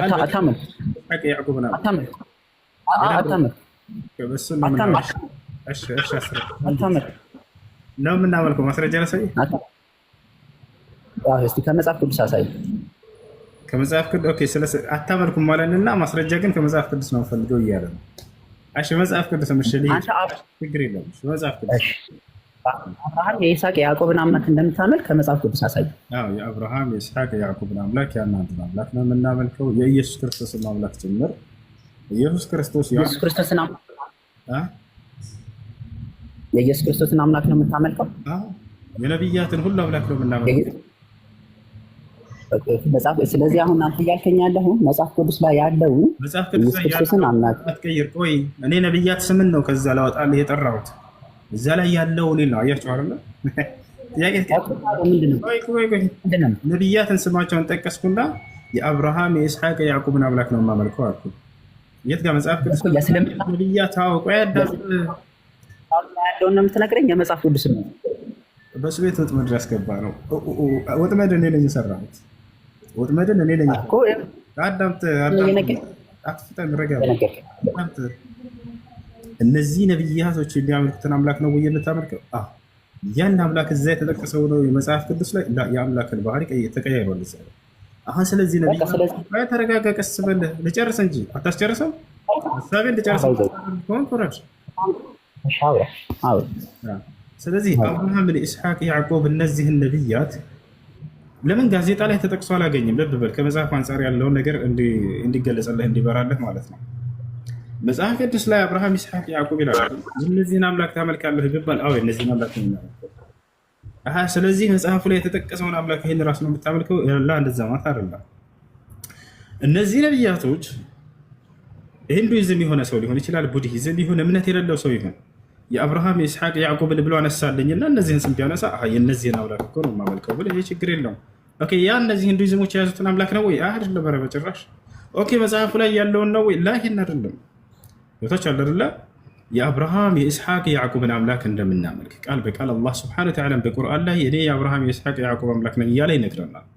ነው የምናመልከው። ማስረጃ ላሳይ፣ ከመጽሐፍ ቅዱስ አሳይ። ከመጽሐፍ ቅዱስ አታመልኩም ማለት እና ማስረጃ ግን ከመጽሐፍ ቅዱስ ነው ፈልገው እያለ ነው። መጽሐፍ ቅዱስ ችግር የለም መጽሐፍ ቅዱስ አብርሃም የይስሐቅ የያዕቆብን አምላክ እንደምታመልክ ከመጽሐፍ ቅዱስ አሳይ። የአብርሃም የይስሐቅ የያዕቆብን አምላክ ያናንተን አምላክ ነው የምናመልከው፣ የኢየሱስ ክርስቶስን አምላክ ጭምር። ኢየሱስ ክርስቶስ ኢየሱስ ክርስቶስን አምላክ የኢየሱስ ክርስቶስን አምላክ ነው የምታመልከው። የነቢያትን ሁሉ አምላክ ነው የምናመልከው። መጽሐፍ ስለዚህ አሁን አንተ እያልከኝ ያለሁ መጽሐፍ ቅዱስ ላይ ያለው ኢየሱስ ክርስቶስን አምላክ። ቆይ እኔ ነቢያት ስምን ነው ከዛ ላወጣልህ የጠራሁት እዛ ላይ ያለው ሌል ነው። አያችሁ አለ ነቢያትን ስማቸውን ጠቀስኩና የአብርሃም የኢስሐቅ የያዕቁብን አምላክ ነው የማመልከው አልኩ። የት ጋር መጽሐፍ ቅዱስ ነቢያት ታወቁ ያለውን ነው የምትነግረኝ? የመጽሐፍ ቅዱስ ነው በሱ ቤት ወጥመድ ያስገባ ነው። ወጥመድ እኔ ነኝ የሰራሁት። ወጥመድን እኔ ነኝ። አዳምጥ፣ አዳምጥ፣ አትፍጠን፣ ረጋ እነዚህ ነቢያቶች የሚያመልኩትን አምላክ ነው ወይ የምታመልከው? ያን አምላክ እዛ የተጠቀሰው ነው የመጽሐፍ ቅዱስ ላይ የአምላክን ባህሪ ተቀያይሯል። እዛ አሁን ስለዚህ ነቢይ ተረጋጋ፣ ቀስ በል ልጨርስ እንጂ አታስጨርሰው። ሀሳቤን ልጨርሰው ከሆን ስለዚህ አብርሃም፣ ለኢስሐቅ፣ ያዕቆብ እነዚህን ነብያት ለምን ጋዜጣ ላይ ተጠቅሶ አላገኝም? ልብ በል ከመጽሐፍ አንጻር ያለውን ነገር እንዲገለጸልህ እንዲበራለህ ማለት ነው። መጽሐፍ ቅዱስ ላይ አብርሃም፣ ይስሐቅ፣ ያዕቆብ ይላል እነዚህን አምላክ ታመልካለህ ቢባል አዎ እነዚህን አምላክ ነው። ስለዚህ መጽሐፉ ላይ የተጠቀሰውን አምላክ ይህን ራሱ ነው የምታመልከው ላ እንደዛ ማለት አይደለም። እነዚህ ነቢያቶች ሂንዱይዝም የሆነ ሰው ሊሆን ይችላል፣ ቡድሂዝም ይሁን እምነት የሌለው ሰው ይሁን የአብርሃም የይስሐቅ የያዕቆብን ብሎ አነሳልኝና እነዚህን ስም ቢያነሳ የእነዚህን አምላክ እኮ ነው የማመልከው ብለህ ይህ ችግር የለውም። ያ እነዚህ ሂንዱይዝሞች የያዙትን አምላክ ነው ወይ? አይደለም፣ ኧረ በጭራሽ። ኦኬ መጽሐፉ ላይ ያለውን ነው ወይ? ላይ ይህን አይደለም ታቸዋል አደለ? የአብርሃም የኢስሐቅ የያዕቁብን አምላክ እንደምናመልክ ቃል በቃል አላህ ስብሐነ ወተዓላ በቁርአን ላይ የኔ የአብርሃም የኢስሐቅ የያዕቁብ አምላክ ነኝ እያለ ይነግረናል።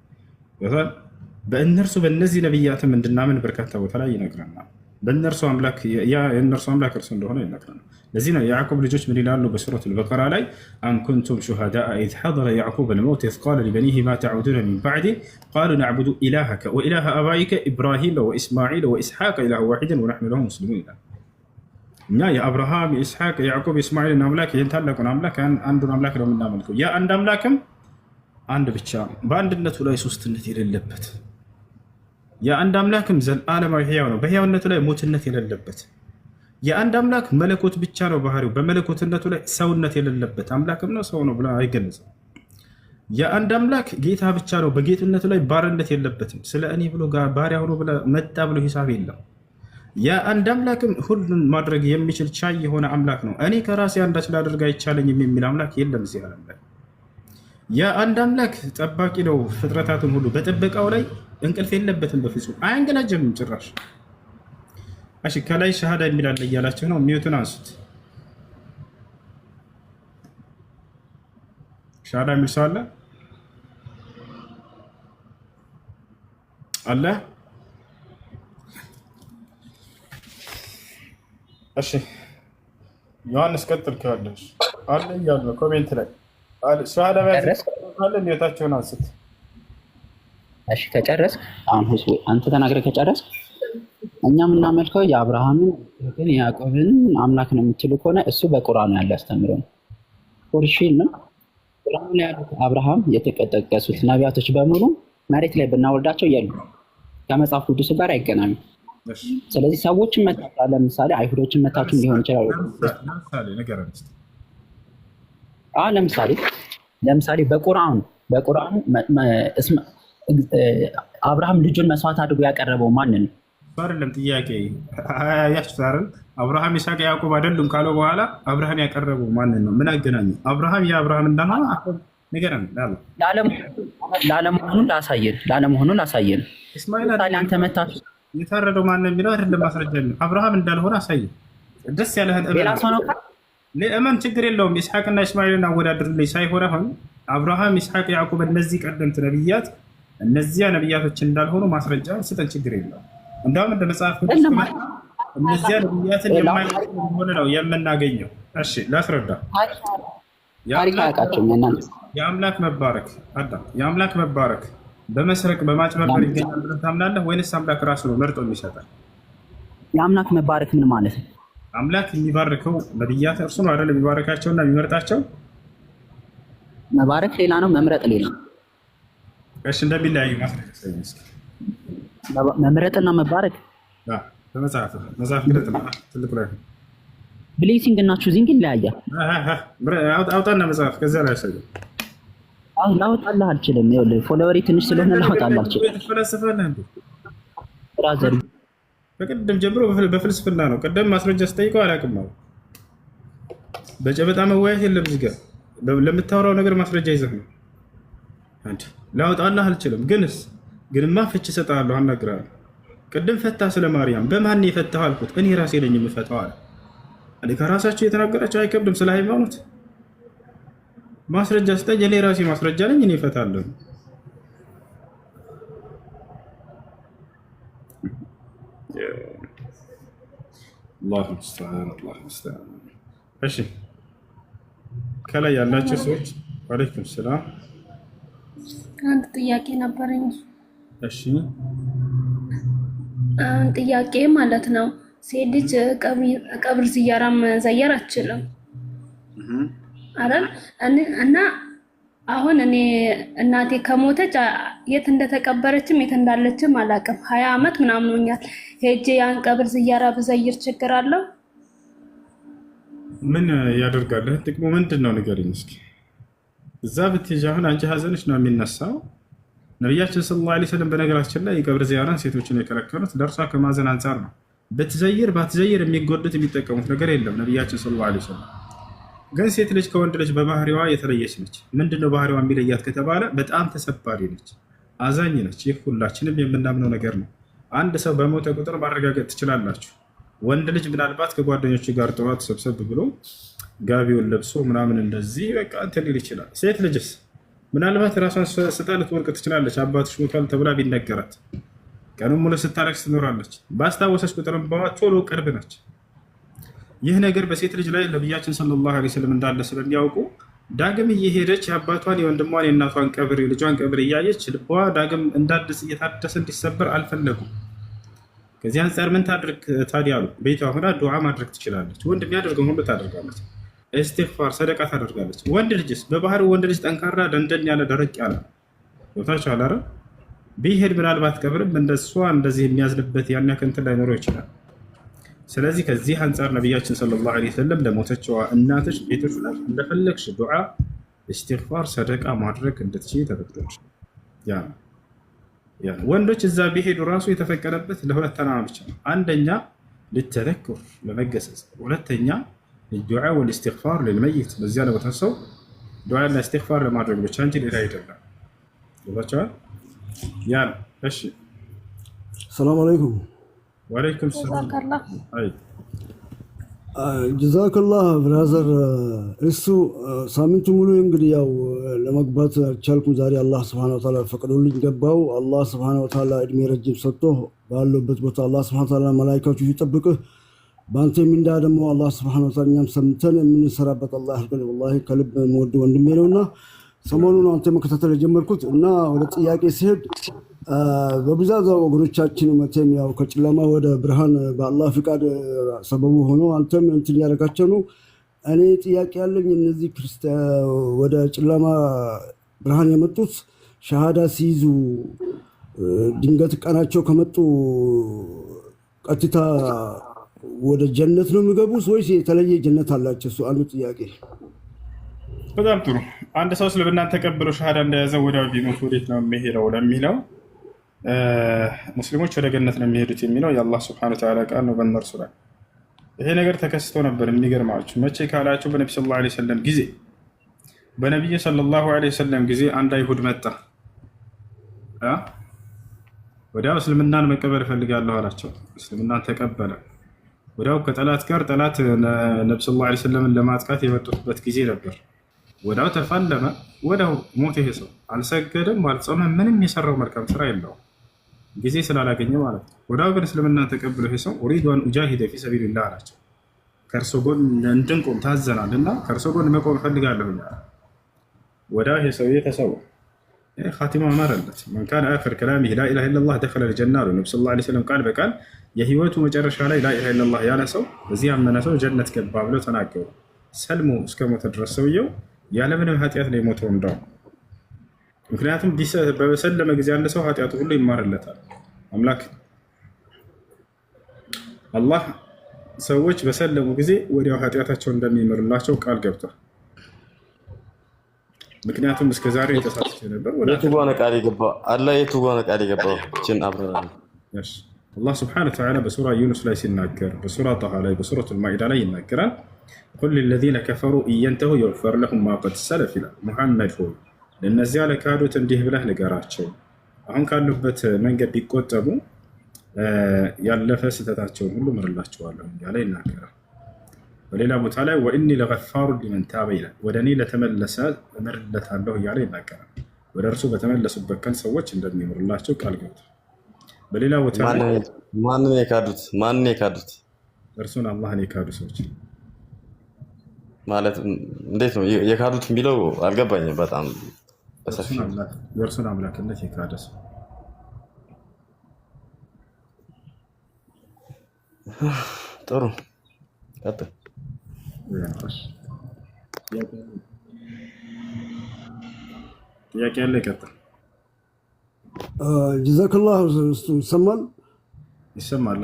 በእነርሱ በእነዚህ ነቢያትም እንድናምን በርካታ ቦታ ላይ ይነግረናል። በእነርሱ አምላክ የእነርሱ አምላክ እርሱ እንደሆነ ይነግረናል። ለዚህ ነው የያዕቁብ ልጆች ምን ይላሉ በሱረት አልበቀራ ላይ አም ኩንቱም ሹሃዳ ኢዝ ሐደረ ያዕቁብ አልመውት ኢዝ ቃለ ሊበኒህ ማ ተዕቡዱነ ሚን ባዕዲ ቃሉ ነዕቡዱ ኢላሀከ ወኢላሀ አባይከ ኢብራሂም ወኢስማዒል ወኢስሐቅ ኢላሁ ዋሒድን ወነሕኑ ለሁ ሙስሊሙን ይላል። እኛ የአብርሃም የኢስሐቅ የያዕቆብ የእስማኤልን አምላክ ይህን ታላቁን አምላክ አንዱን አምላክ ነው የምናመልከው። ያ አንድ አምላክም አንድ ብቻ ነው፣ በአንድነቱ ላይ ሶስትነት የሌለበት። የአንድ አምላክም ዘለዓለማዊ ህያው ነው፣ በህያውነቱ ላይ ሞትነት የሌለበት። የአንድ አምላክ መለኮት ብቻ ነው ባህሪው፣ በመለኮትነቱ ላይ ሰውነት የሌለበት አምላክም ነው። ሰው ነው ብሎ አይገለጽም። የአንድ አምላክ ጌታ ብቻ ነው፣ በጌትነቱ ላይ ባርነት የለበትም። ስለ እኔ ብሎ ባህሪያ ሆኖ መጣ ብሎ ሂሳብ የለም። የአንድ አምላክም ሁሉን ማድረግ የሚችል ቻይ የሆነ አምላክ ነው። እኔ ከራሴ አንዳች ላደርግ አይቻለኝም የሚል አምላክ የለም እዚህ ዓለም ላይ። የአንድ አምላክ ጠባቂ ነው ፍጥረታትን ሁሉ። በጥበቃው ላይ እንቅልፍ የለበትም በፍጹም አያንገላጀምም ጭራሽ። እሺ ከላይ ሸሃዳ የሚላለ እያላችሁ ነው። ሚዩቱን አንሱት። ሸሃዳ የሚል ሰው አለ አለ እሺ ዮሐንስ ቀጥል ከያለሽ አለ እያለ ኮሜንት ላይ ስለ ሌታቸውን አንስት። እሺ ከጨረስ አሁን ህዝቡ አንተ ተናግረህ ከጨረስ እኛ የምናመልከው የአብርሃምን፣ ግን የያዕቆብን አምላክ ነው የምትሉ ከሆነ እሱ በቁርአኑ ያለ አስተምሮ ነው። ቁርሺን ነው ቁርአኑ ላይ ያሉት አብርሃም የተቀጠቀሱት ነቢያቶች በሙሉ መሬት ላይ ብናወልዳቸው የሉ ከመጽሐፍ ቅዱስ ጋር አይገናኙም። ስለዚህ ሰዎችን መታ ለምሳሌ አይሁዶችን መታችሁ ሊሆን ይችላል። ለምሳሌ ለምሳሌ በቁርአኑ በቁርአኑ አብርሃም ልጁን መስዋዕት አድርጎ ያቀረበው ማንን ነው? አይደለም ጥያቄ ያችታርን አብርሃም ይስሐቅ ያዕቆብ አይደሉም ካለው በኋላ አብርሃም ያቀረበው ማንን ነው? ምን አገናኙ? አብርሃም የአብርሃም እንደማ ንገረን። ላለመሆኑን ላሳየን ላለመሆኑን ላሳየን። ምሳሌ አንተ መታችሁ የታረደው ማነው የሚለው አይደለም ማስረጃ ነው። አብርሃም እንዳልሆነ አሳየ። ደስ ያለህን እመን፣ ችግር የለውም። ኢስሐቅና እስማኤልን አወዳድርልኝ ሳይሆን አሁን አብርሃም፣ ይስሐቅ፣ ያዕቁብ እነዚህ ቀደምት ነቢያት እነዚያ ነቢያቶች እንዳልሆኑ ማስረጃ ስጠን፣ ችግር የለውም። እንዳውም እንደ መጽሐፍ እነዚያ ነቢያትን የማይሆነ ነው የምናገኘው። እሺ ላስረዳ። የአምላክ መባረክ አዳም፣ የአምላክ መባረክ በመስረቅ በማጭበርበር ይገኛል ብለህ ታምናለህ ወይንስ አምላክ ራሱ ነው መርጦ የሚሰጠን? የአምላክ መባረክ ምን ማለት ነው? አምላክ የሚባርከው ነብያት እርሱ ነው አይደል የሚባረካቸውና የሚመርጣቸው። መባረክ ሌላ ነው፣ መምረጥ ሌላ ነው። እሺ እንደሚለያዩ መምረጥና መባረክ በመጽሐፍ መጽሐፍ ግለጥ ትልቁ ላይ ብሌሲንግ እና ቹዚንግ ይለያያል። አውጣና መጽሐፍ ከዚያ ላይ ያሳያል አሁን ላወጣልህ አልችልም። ይኸውልህ ፎሎወሪ ትንሽ ስለሆነ ላወጣልህ አልችልም። ብራዘር በቅድም ጀምሮ በፍልስፍና ነው። ቅድም ማስረጃ ስጠይቀው አላውቅም አሉ። በጨበጣ መወያየት የለም። እዚህ ጋር ለምታወራው ነገር ማስረጃ ይዘህ ነው። አንድ ላወጣልህ አልችልም። ግንስ ግንማ ፍች እሰጥሃለሁ፣ አናግርሃለሁ። ቅድም ፈታ ስለ ማርያም በማን የፈታህ አልኩት። እኔ ራሴ ነኝ የምፈታው አለ። ከራሳቸው የተናገራቸው አይከብድም ስለ ሃይማኖት ማስረጃ ስጠኝ፣ እኔ ራሴ ማስረጃ ነኝ፣ እኔ እፈታለሁ። እሺ ከላይ ያላቸው ሰዎች አለይኩም ሰላም። አንድ ጥያቄ ነበረኝ። እሺ ጥያቄ ማለት ነው ሴት ልጅ ቀብር ዝያራ መዘየር አትችልም አረን እና አሁን እኔ እናቴ ከሞተች የት እንደተቀበረችም የት እንዳለችም አላውቅም። ሀያ አመት ምናምን ሆኛል። ሄጄ ያን ቀብር ዝያራ ብዘይር ችግር አለው? ምን ያደርጋል? ጥቅሙ ምንድን ነው ንገሪኝ እስኪ። እዛ ብትሄጂ አሁን አንቺ ሀዘንሽ ነው የሚነሳው። ነቢያችን ሰለላሁ ዐለይሂ ወሰለም በነገራችን ላይ የቀብር ዝያራን ሴቶችን የከለከሉት ለእርሷ ከማዘን አንጻር ነው። ብትዘይር ባትዘይር የሚጎዱት የሚጠቀሙት ነገር የለም ነቢያችን ሰለላሁ ዐለይሂ ወሰለም ግን ሴት ልጅ ከወንድ ልጅ በባህሪዋ የተለየች ነች። ምንድነው ባህሪዋ የሚለያት ከተባለ በጣም ተሰባሪ ነች፣ አዛኝ ነች። ይህ ሁላችንም የምናምነው ነገር ነው። አንድ ሰው በሞተ ቁጥር ማረጋገጥ ትችላላችሁ። ወንድ ልጅ ምናልባት ከጓደኞቹ ጋር ጠዋት ሰብሰብ ብሎ ጋቢውን ለብሶ ምናምን እንደዚህ በቃ እንትን ሊል ይችላል። ሴት ልጅስ ምናልባት ራሷን ስታ ልትወርቅ ትችላለች። አባትሽ ሞቷል ተብላ ቢነገራት ቀኑን ሙሉ ስታለቅስ ትኖራለች። ባስታወሰች ቁጥር ቶሎ ቅርብ ነች። ይህ ነገር በሴት ልጅ ላይ ነቢያችን ሰለላሁ ዐለይሂ ወሰለም እንዳለ ስለሚያውቁ ዳግም እየሄደች የአባቷን የወንድሟን የእናቷን ቀብር የልጇን ቀብር እያየች ልቧ ዳግም እንዳዲስ እየታደሰ እንዲሰበር አልፈለጉም። ከዚህ አንጻር ምን ታድርግ ታዲያ አሉ። ቤቷ ሆና ዱዓ ማድረግ ትችላለች። ወንድ የሚያደርገው ሁሉ ታደርጋለች። እስትግፋር፣ ሰደቃ ታደርጋለች። ወንድ ልጅስ በባህሪው ወንድ ልጅ ጠንካራ፣ ደንደን ያለ ደረቅ ያለ ቦታቸው አላረ ቢሄድ ምናልባት ቀብርም እንደሷ እንደዚህ የሚያዝንበት ያን ያክል እንትን ላይኖረው ይችላል። ስለዚህ ከዚህ አንጻር ነቢያችን ሰለላሁ ዐለይሂ ወሰለም ለሞተችዋ እናትሽ ቤትሽ ላይ እንደፈለግሽ ዱዓ፣ እስትግፋር፣ ሰደቃ ማድረግ እንድትችይ ተፈቅዶልሽ ያ ወንዶች እዛ ቢሄዱ ራሱ የተፈቀደበት ለሁለት ዓላማ ብቻ ነው። አንደኛ ልተዘኩር ለመገሰጽ፣ ሁለተኛ ዱዓ ወልእስትግፋር ልልመይት በዚያ ለሞተ ሰው ዱዓና እስትግፋር ለማድረግ ብቻ እንጂ ሌላ አይደለም። ይባቸዋል ያ እሺ፣ ሰላም አለይኩም ጀዛከላህ ብራዘር። እሱ ሳምንቱ ሙሉ እንግዲህ ያው ለመግባት አልቻልኩም። ዛሬ አላህ ስብሐነ ወተዓላ ፈቅዶልኝ ገባው። አላህ ስብሐነ ወተዓላ እድሜ ረጅም ሰጥቶ ባለበት ቦታ አላህ ስብሐነ ወተዓላ መላኢካዎቹ ይጠብቅህ። በአንተ የሚንዳ ደግሞ አላህ ስብሐነ ወተዓላ እኛም ሰምተን የምንሰራበት አላህ ያድርገን። ወላሂ ከልብ የምወድ ወንድሜ ነውና ሰሞኑን አንተ መከታተል የጀመርኩት እና ወደ ጥያቄ ሲሄድ በብዛት ወገኖቻችን መቼም ያው ከጨለማ ወደ ብርሃን በአላህ ፍቃድ ሰበቡ ሆኖ አንተም እንትን ያደረጋቸው ነው። እኔ ጥያቄ ያለኝ እነዚህ ወደ ጨለማ ብርሃን የመጡት ሸሃዳ ሲይዙ ድንገት ቀናቸው ከመጡ ቀጥታ ወደ ጀነት ነው የሚገቡት ወይስ የተለየ ጀነት አላቸው? እሱ አንዱ ጥያቄ። በጣም ጥሩ አንድ ሰው እስልምናን ተቀብሎ ሻሃዳ እንደያዘ ወዲያው ቢሞት ወዴት ነው የሚሄደው ለሚለው ሙስሊሞች ወደ ገነት ነው የሚሄዱት የሚለው የአላህ ስብሐነሁ ወተዓላ ቃል ነው በእነርሱ ላይ። ይሄ ነገር ተከስቶ ነበር። የሚገርማችሁ መቼ ካላችሁ በነቢ ስ ላ ሰለም ጊዜ በነቢዩ ሰለላሁ ዓለይሂ ወሰለም ጊዜ አንድ አይሁድ መጣ። ወዲያው እስልምናን መቀበል እፈልጋለሁ አላቸው። እስልምናን ተቀበለ። ወዲያው ከጠላት ጋር ጠላት ነቢ ሰለላሁ ዓለይሂ ለማጥቃት የመጡበት ጊዜ ነበር። ወዳው ተፋለመ፣ ወዳው ሞት። ይሄ ሰው አልሰገደም፣ አልጾመም፣ ምንም የሰራው መልካም ስራ የለውም ጊዜ ስላላገኘ ማለት ነው። ወዳው ግን እስልምና ተቀብለው ይሄ ሰው ኡሪዱ አን ኡጃሂደ ፊ ሰቢልላህ አላቸው። ከእርሶ ጎን እንድንቆም ታዘናል እና ከእርሶ ጎን መቆም እፈልጋለሁ። ወዳው ይሄ ሰው ተሰዋ፣ ኻቲማ ማረለት። መን ካነ አኺር ከላሚሂ ላኢላሃ ኢለላህ ደኸለ ልጀና አሉ ነቢ ሰለላሁ ዐለይሂ ወሰለም ቃል በቃል የህይወቱ መጨረሻ ላይ ላኢላሃ ኢለላህ ያለ ሰው፣ በዚህ ያመነ ሰው ጀነት ገባ ብለው ተናገሩ። ሰልሞ እስከ ሞተ ድረስ ሰውየው ያለምንም ኃጢአት ነው የሞተው። እንዳው ምክንያቱም በበሰለመ ጊዜ አንድ ሰው ኃጢአቱ ሁሉ ይማርለታል። አምላክ አላህ ሰዎች በሰለሙ ጊዜ ወዲያው ኃጢአታቸው እንደሚምርላቸው ቃል ገብቷል። ምክንያቱም እስከ ዛሬ ተሳስቼ ነበር። የቱ ጋ ነው ቃል የገባው? አላህ የቱ ጋ ነው ቃል የገባው? ችን አብረራ አላህ ስብሐነ ወተዓላ በሱራ ዩኑስ ላይ ሲናገር፣ በሱራ ጣሃ ላይ፣ በሱረቱል ማኢዳ ላይ ይናገራል ቁል ለዚነ ከፈሩ እየንተሁ የውፈር ለሁም ማ ሰለፍ ይላል። ሙሐመድ ሆይ ለእነዚያ ለካዱት እንዲህ ብለህ ንገራቸው፣ አሁን ካሉበት መንገድ ቢቆጠቡ ያለፈ ስህተታቸውን ሁሉ ምርላቸዋለሁ እያለ ይናገራል። በሌላ ቦታ ላይ ወእኒ ለገፋሩ ሊመን ታበ ይላል። ወደ እኔ ለተመለሰ እምርለታለሁ እያለ ይናገራል። ወደ እርሱ በተመለሱበት ቀን ሰዎች እንደሚምርላቸው ቃል ገብቷል። በሌላ ቦታ ማንን የካዱት ማንን የካዱት እርሱን አላህን የካዱ ሰዎች ማለት እንዴት ነው የካዱት የሚለው አልገባኝም። በጣም የእርሱን አምላክነት የካደ ሰው ጥሩ ጥያቄ ያለ ይቀጥል። ጀዛከላህ ይሰማል ይሰማል።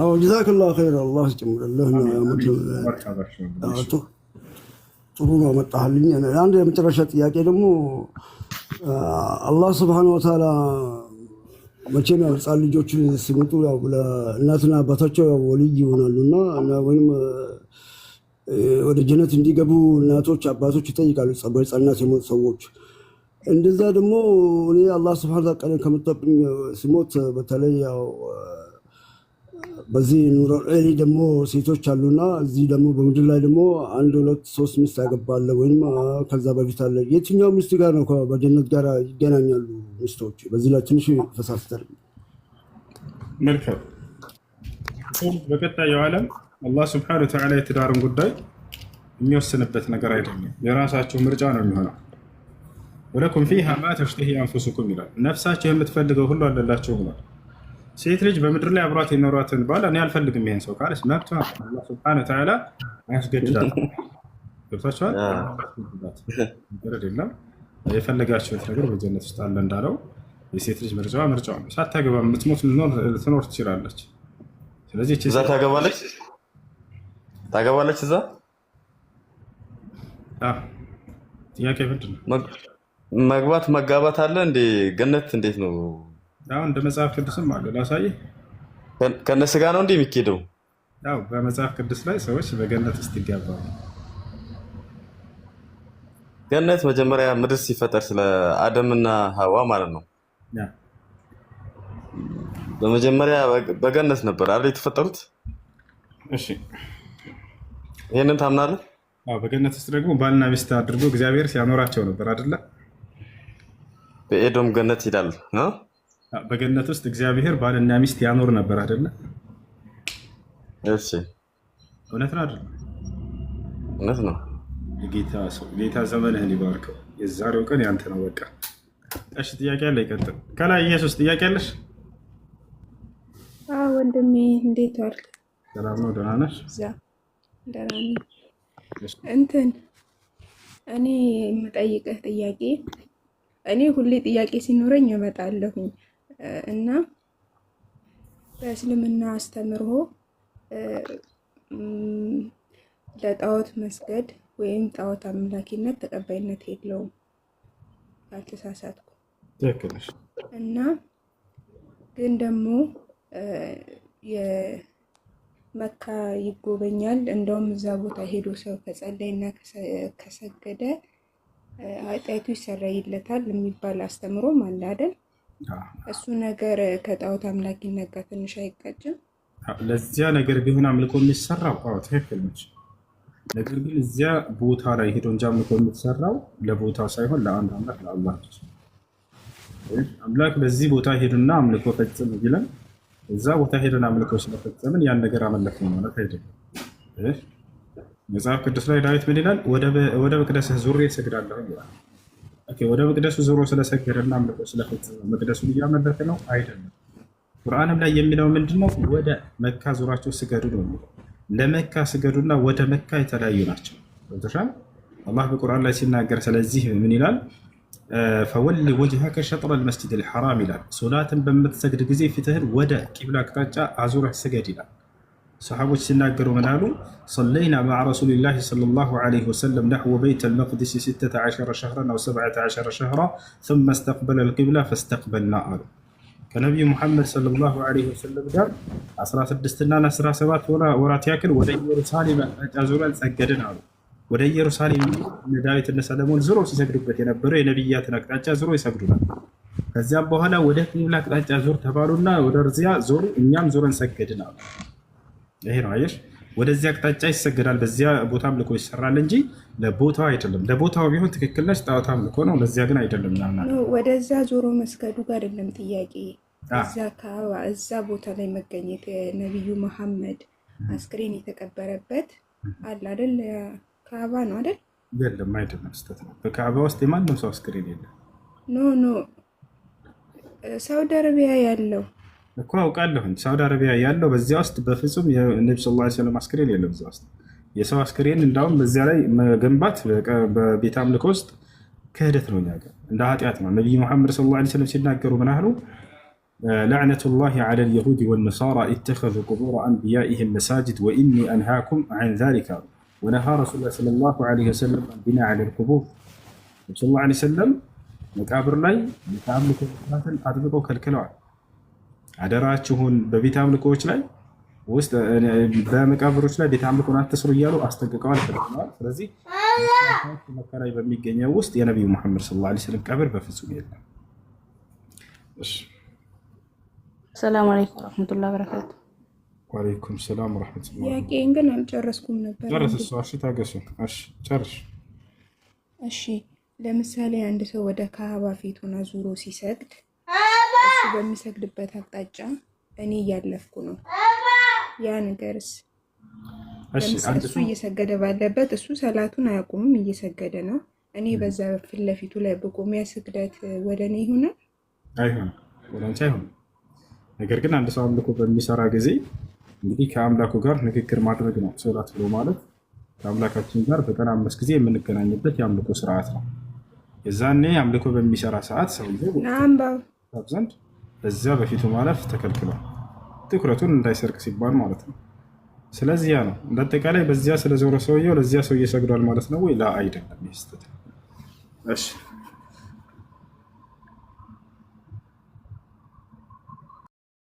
አዎ ጀዛክላ ኸይር አላህ ይጨምርልህ። ጥሩ ነው መጣህልኝ። አንድ የመጨረሻ ጥያቄ ደግሞ አላህ ስብሓነ ወተዓላ መቼም ያው ልጆች ሲመጡ ያው ለእናትና አባታቸው ወልይ ይሆናሉ እና ወይም ወደ ጀነት እንዲገቡ እናቶች አባቶች ይጠይቃሉ፣ ህፃናት የሞቱ ሰዎች እንደዛ ደግሞ እኔ አላህ ስብሓነ ወተዓላ ከመጣብኝ ሲሞት በተለይ ያው በዚህ ኑሮ እኔ ደግሞ ሴቶች አሉና እዚህ ደግሞ በምድር ላይ ደግሞ አንድ ሁለት ሶስት ሚስት ያገባለ ወይም ከዛ በፊት አለ። የትኛው ሚስት ጋር ነው በጀነት ጋር ይገናኛሉ ሚስቶች? በዚህ ላይ ትንሽ ፈሳስተር መልካም። በቀጣዩ ዓለም አላህ ስብሐነሁ ወተዓላ የትዳርን ጉዳይ የሚወስንበት ነገር አይደለም። የራሳቸው ምርጫ ነው የሚሆነው። ወለኩም ፊሃ ማ ተሽተሂ አንፉሱኩም ይላል። ነፍሳቸው የምትፈልገው ሁሉ አለላቸው ብሏል። ሴት ልጅ በምድር ላይ አብሯት የኖሯትን ባል እኔ አልፈልግም ይሄን ሰው ካለች መብቷ አላህ ሱብሃነሁ ወተዓላ አያስገድዳትም። ገብታችኋል? ገረድ የለም። የፈለጋችሁት ነገር በጀነት ውስጥ አለ እንዳለው የሴት ልጅ ምርጫዋ ምርጫዋ ነው። ሳታገባ የምትሞት ልትኖር ትችላለች። ስለዚህ እዛ ታገባለች ታገባለች እዛ ጥያቄ ምንድን ነው? መግባት መጋባት አለ እንዴ? ገነት እንዴት ነው? አሁን እንደ መጽሐፍ ቅዱስም አሉ ላሳይ። ከእነሱ ጋር ነው እንዲህ የሚኬደው። ያው በመጽሐፍ ቅዱስ ላይ ሰዎች በገነት ውስጥ ይጋባሉ። ገነት መጀመሪያ ምድር ሲፈጠር ስለ አደምና ሀዋ ማለት ነው። በመጀመሪያ በገነት ነበር አይደል የተፈጠሩት? እሺ ይህንን ታምናለህ? በገነት ውስጥ ደግሞ ባልና ሚስት አድርጎ እግዚአብሔር ሲያኖራቸው ነበር አይደለ? በኤዶም ገነት ይላል። በገነት ውስጥ እግዚአብሔር ባልና ሚስት ያኖር ነበር አይደለ? እሺ እውነት ነው አይደለ? እውነት ነው። ጌታ ሰው ጌታ ዘመንህን ይባርከው። የዛሬው ቀን ያንተ ነው። በቃ እሺ፣ ጥያቄ አለ? ይቀጥል። ከላይ ኢየሱስ ጥያቄ አለሽ? አዎ ወንድሜ፣ እንዴት ዋልክ? ሰላም ነው? ደህና ነሽ? ደህና ነኝ። እንትን እኔ የምጠይቅህ ጥያቄ እኔ ሁሌ ጥያቄ ሲኖረኝ እመጣለሁኝ። እና በእስልምና አስተምህሮ ለጣዖት መስገድ ወይም ጣዖት አምላኪነት ተቀባይነት የለውም። አልተሳሳትኩ እና ግን ደግሞ መካ ይጎበኛል። እንደውም እዛ ቦታ ሄዶ ሰው ከጸለይና ከሰገደ ኃጢአቱ ይሰረይለታል የሚባል አስተምሮም አለ አይደል? እሱ ነገር ከጣዖት አምላኪነት ጋር ትንሽ አይጋጭም? ለዚያ ነገር ቢሆን አምልኮ የሚሰራው ትክክል ነች። ነገር ግን እዚያ ቦታ ላይ ሄዶ እንጂ አምልኮ የሚሰራው ለቦታ ሳይሆን ለአንድ አምላክ ለአላህ ነች። አምላክ በዚህ ቦታ ሄዱና አምልኮ ፈጽም ይለን፣ እዛ ቦታ ሄደን አምልኮ ስለፈጸምን ያን ነገር አመለክ ነው ማለት አይደለም። መጽሐፍ ቅዱስ ላይ ዳዊት ምን ይላል? ወደ መቅደስህ ዙሬ እሰግዳለሁ ይላል። ወደ መቅደሱ ዞሮ ስለሰገደና አምልኮ ስለፈጸመ መቅደሱን እያመለከ ነው አይደለም። ቁርአንም ላይ የሚለው ምንድን ነው? ወደ መካ ዞራቸው ስገዱ ነው የሚለው። ለመካ ስገዱና ወደ መካ የተለያዩ ናቸው። ሻል አላህ በቁርአን ላይ ሲናገር ስለዚህ ምን ይላል? ፈወሊ ወጅሃከ ሸጥረ ልመስጅድ ልሐራም ይላል። ሶላትን በምትሰግድ ጊዜ ፊትህን ወደ ቂብላ አቅጣጫ አዙረህ ስገድ ይላል። ሰሓቦች ሲናገሩ ምናሉ ሰለይና ማዓ ረሱሊላህ ሰለላሁ ዓለይሂ ወሰለም ናሕወ በይተ ልመቅዲስ ሲተተ ዓሸረ ሸህረን አው ሰብዐተ ዓሸረ ሸህራ ثመ እስተቅበለ ልቅብላ ፈስተቅበልና አሉ። ከነቢዩ ሙሐመድ ሰለላሁ ዓለይሂ ወሰለም ጋር 16ና 17 ወራት ያክል ወደ ኢየሩሳሌም አቅጣጫ ዙረን ሰገድን አሉ። ወደ ኢየሩሳሌም ዳዊት እነ ሰለሞን ዞሮ ሲሰግዱበት የነበረው የነቢያትን አቅጣጫ ዞሮ ይሰግዱናል። ከዚያም በኋላ ወደ ቅብላ አቅጣጫ ዞር ተባሉና ወደ ርዚያ ዞሩ፣ እኛም ዞረን ሰገድን አሉ። ይሄ ነው አየሽ። ወደዚህ አቅጣጫ ይሰገዳል፣ በዚያ ቦታ አምልኮ ይሰራል እንጂ ለቦታው አይደለም። ለቦታው ቢሆን ትክክል ነች፣ ጣዖት አምልኮ ነው። ለዚያ ግን አይደለም። ወደዛ ዞሮ መስገዱ ጋር አይደለም ጥያቄ። እዛ ካባ እዛ ቦታ ላይ መገኘት ነቢዩ መሐመድ አስክሬን የተቀበረበት አለ አይደል? ካባ ነው አይደል? የለም አይደለም፣ ስህተት ነው። በካባ ውስጥ የማንም ሰው አስክሬን የለም። ኖ ኖ፣ ሳውዲ አረቢያ ያለው እኮ አውቃለሁኝ ሳውዲ አረቢያ ያለው በዚያ ውስጥ በፍጹም የነቢ ስ ላ ስለም አስክሬን የለም። እዛ ውስጥ የሰው አስክሬን እንዳውም በዚያ ላይ መገንባት በቤተ አምልኮ ውስጥ ክህደት ነው፣ እኛ ጋር እንደ ኃጢአት ነው። ነቢይ ሙሐመድ ስለ ላ ስለም ሲናገሩ ምን አህሉ لعنة الله على اليهود والنصارى اتخذوا قبور أنبيائهم مساجد وإني أنهاكم عن ذلك ونهى رسول الله صلى الله عليه وسلم عن بناء على القبور صلى الله عليه وسلم መቃብር ላይ የታምልኮ አጥብቀው ከልክለዋል። አደራችሁን በቤት አምልኮዎች ላይ ውስጥ በመቃብሮች ላይ ቤት አምልኮን አትስሩ እያሉ አስጠንቅቀዋል፣ ተጠቅመዋል። ስለዚህ መካ በሚገኘው ውስጥ የነቢዩ መሐመድ ሰለላሁ ላ ወሰለም ቀብር በፍጹም የለም። ሰላም አለይኩም ሰላም ጥያቄን ግን አልጨረስኩም ነበር። ጨርስ እሱ። እሺ ታገሱ። ጨርስ። እሺ ለምሳሌ አንድ ሰው ወደ ካዕባ ፊቱን አዙሮ ሲሰግድ እሱ በሚሰግድበት አቅጣጫ እኔ እያለፍኩ ነው። ያ ነገርስ እሱ እየሰገደ ባለበት እሱ ሰላቱን አያቁምም፣ እየሰገደ ነው። እኔ በዛ ፊት ለፊቱ ላይ ብቆም ያ ስግደት ወደ እኔ ይሆናል? አይሆንም፣ ወደ አንቺ አይሆንም። ነገር ግን አንድ ሰው አምልኮ በሚሰራ ጊዜ እንግዲህ ከአምላኩ ጋር ንግግር ማድረግ ነው። ሰላት ብሎ ማለት ከአምላካችን ጋር በቀን አምስት ጊዜ የምንገናኝበት የአምልኮ ስርዓት ነው። የዛኔ አምልኮ በሚሰራ ሰዓት ሰው አብ ዘንድ በዚያ በፊቱ ማለፍ ተከልክሏል። ትኩረቱን እንዳይሰርቅ ሲባል ማለት ነው። ስለዚያ ነው እንደ አጠቃላይ በዚያ ስለዞረ ሰውየው ለዚያ ሰው ሰግዷል ማለት ነው ወይ? ላ አይደለም። ይስተት እሺ